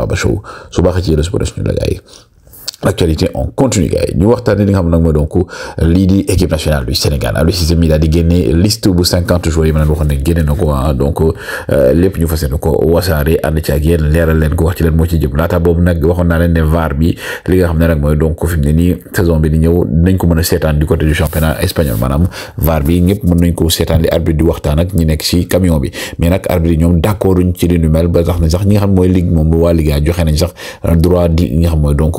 Baba Show ሱባኸች የለስቦረች ነው ለጋይ actualité on continue gars ñu waxtane li nga xam nak mooy donc li di équipe nationale du Sénégal Aliou Cissé mi daal di génne liste bu 50 joueurs yi ma leen waxoon ne génne na ko ah, donc euh, lepp ñu fas yéene ko wasaare ànd ci ak yéen leeral leen ko wax ci leen mo ci jëm laata bobu nak waxon na leen ne VAR bi li nga xam nak moy donc fi mu ne saison bi di ñëw dañ ko mëna a seetaan du côté du championnat espagnol manam VAR bi ñepp mëna ñu ko seetaan li arbitre di waxtaan nak ñi nekk ci camion bi mais nak arbitre ñom d'accorduñ ci li ñu mel ba tax na sax ñi nga xam moy ligue mom wa ligue joxé nañ sax droit di nga xam moy donc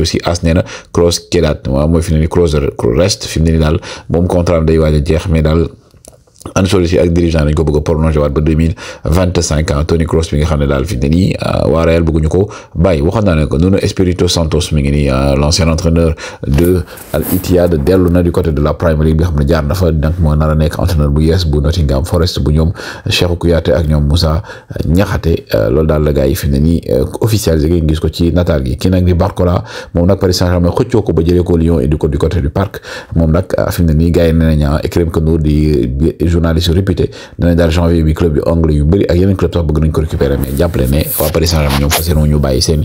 ci aussi as nee na Kroos Kedat waaw mooy fi ne ni Kroos fi ne daal moom contrat day waaj jeex mais daal ci ak dirigeant lañ ko bëgg a prolongé waat ba 2025 mille vingt ans ah, bi nga xam ne daal fi ne nii ah, waa Real bëgguñu ko bàyyi waxoon naa ne ko Nuno Espirito Santos mi ngi nii ah, l'ancien entraîneur de Al Ittihad dellu na du côté de la Premier League bi nga xam ne jaar na fa donc moo nar a nekk entraîneur bu yees bu Nottingham Forest bu ñoom Cheikhou Kouyaté ak ñoom Moussa Niakhaté loolu daal la gars yi fi mu ne nii officialisé ngeen gis ko ci natal gi kii nag di Barcola moom nag Paris Saint-Germain xëccoo ko ba jëlee ko Lyon et du côté du Parc moom nag fi ni ne nii gars yi nee nañ ah Ekrem di. journaliste réputé danañ daal janvier bi club yu anglais yu bëri ak yeneen club sax bëgg nañ ko récupérer mais jàppale ne waa Paris saint ñoom fas yéene ñu bàyyi seen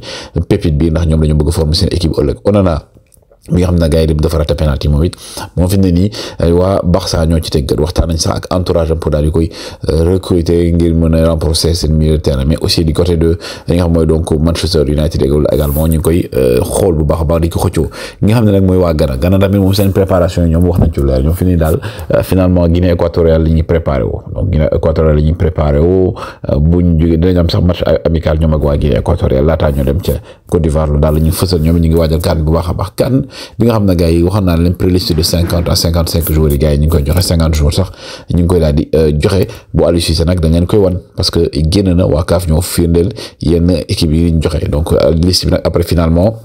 pépite bi ndax ñoom dañu bëgg former seen équipe ëllëg Onana bi nga xam ne gars yi dafa raté penalty moom it moom fi mu ne nii waa Barça ñoo ci teg gët waxtaan nañ sax ak entourage am pour daal di koy euh, recruter ngir mën a renforcer seen milieu de terrain mais aussi du côté de li nga xam mooy donc Manchester United également ñu koy euh, xool bu baax a baax di ko xëccoo ñi nga xam ne nag mooy waa Ghana Ghana tamit moom seen préparation yi ñoom wax nañ ci leer ñoom fi mu ne daal euh, finalement Guinée équatoriale li ñuy préparé wu donc Guinée équatoriale li ñuy préparé woo buñ jógee dinañ am sax match amical ñoom ak waa Guinée équatoriale laataa ñu dem ca Côte d'Ivoire lu daal la ñuy fësal ñoom ñu ngi waajal kan bu baax a baax kan bi nga xam ne gars yi waxoon naa leen préliste de 50 à 55 jours yi gars yi ñu ngi koy joxe 50 jours sax ñu ngi koy daal di euh, joxe bu Aliou Cissé nag da ngeen koy wan parce que génn na waa CAF ñoo firndeel yenn équipe yi ñu joxe donc euh, liste bi nag après finalement.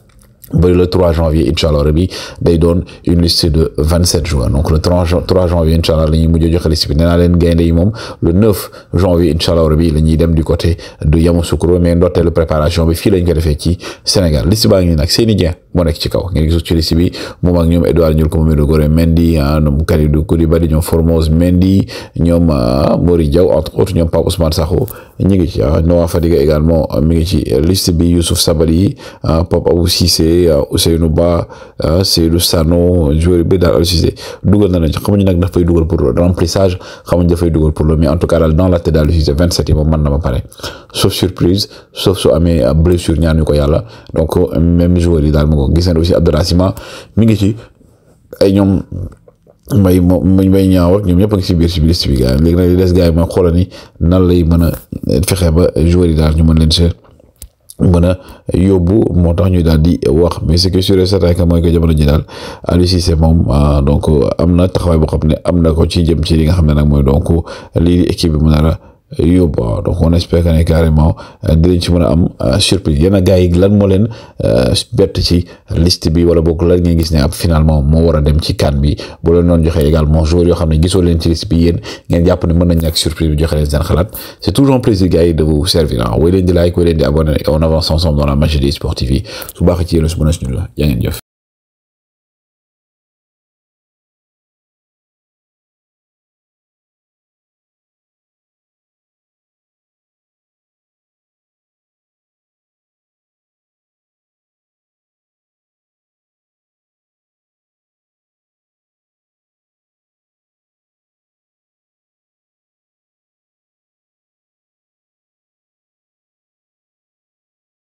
le 3 janvier inchallah rabi day doon une liste de 27 joueurs donc le 3 janvier inchallah la ñuy mujj joxe liste bi nee naa leen gaynde yi moom le 9 janvier inchallah rabi la ñuy dem du côté de Yamoussoukro mais ndorteelu préparation bi fii lañ ko defee ci Sénégal liste baa ngi nag Seny Dieng moo nekk ci kaw ngeen gisu Chelsea bi mom ak ñom Edouard ñul ko moom Dogore Mendy ah, du Kalidou Koulibaly ñom Formose mendi ñom ah, Mori entre autres ñom Pape Ousmane Sakho ñi ngi ci Noah Fadiga également ah, mi ngi ci eh, liste bi Youssouf Sabaly Pape Abou Cissé Ousseynou Ba Seydou Sano joueur bi daal Aliou Cissé dugal na leen ci xamuñu nag dafay dugal pour le remplissage xamuñu dafay dugal pour le mais en tout cas dans la tête d'Aliou Cissé 27 yi moom na ma pare sauf surprise sauf su amé blessure ñaan ñu ko donc même joueur dal ko gis nañ aussi Abdourahmane mi ngi ci ay ñoom may mbay mbay ñaaw ak ñoom ñëpp ngi si biir si biir liste bi gars yi léegi nag li des gars yi mooy xoolal ni nan lay mën a fexe ba joueur yi daal ñu mën leen si mën a yóbbu moo tax ñuy daal di wax mais ce que sûr et certain que mooy que jamono ji daal Aliou moom ah, donc am na taxawaay boo xam ne am na ko ci jëm ci li nga xam ne nag mooy donc lii di équipe mu nar yóbbu donc on espère que ne carrément euh, dinañ ci mën a am euh, surprise yéen a gars yi lan moo leen euh, bett ci liste bi wala boog lan ngeen gis ne ab finalement moo war a dem ci kan bi bu leen doon joxe également joueurs yoo xam ne gisoo leen ci liste bi yéen ngeen jàpp ne mën nañ ñàkk surprise bi joxe leen seen xalaat c' est toujours un plaisir gars yi de vous servir ah hein. woy leen di like woy leen di abonné on avance ensemble dans la magie des sportifs yi su baax ci yéen su mën a suñu la yaa ngeen jëf